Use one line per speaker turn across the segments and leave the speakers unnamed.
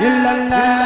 illallah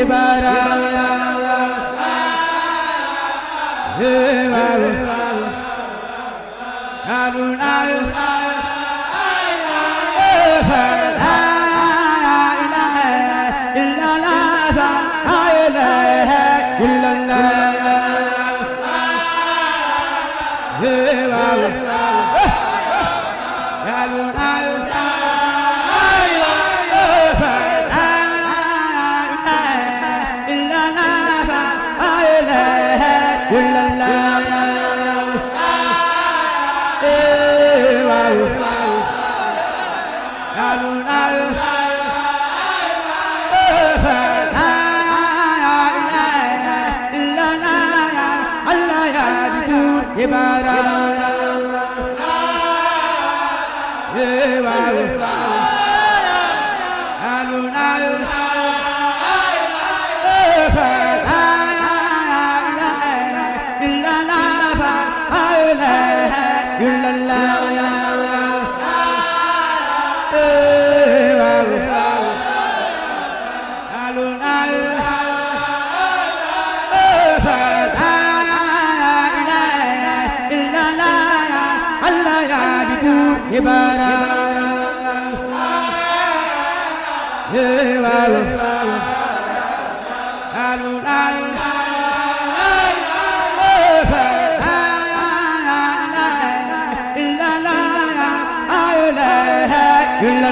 ibara ibara alul alul Alul alul ibarat la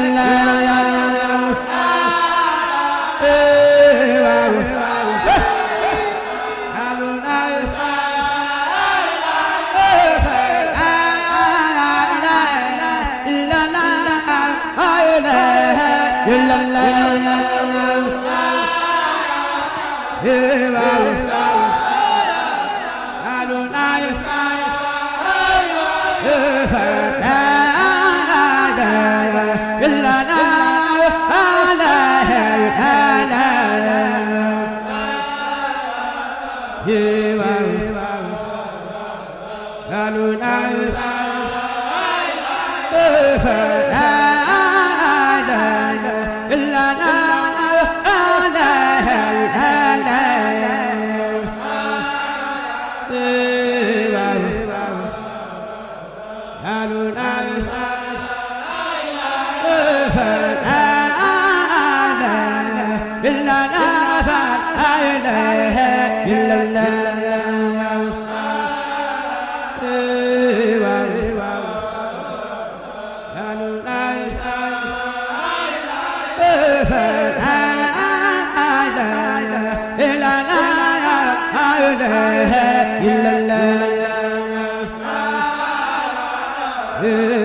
la Allahu Hey, hey.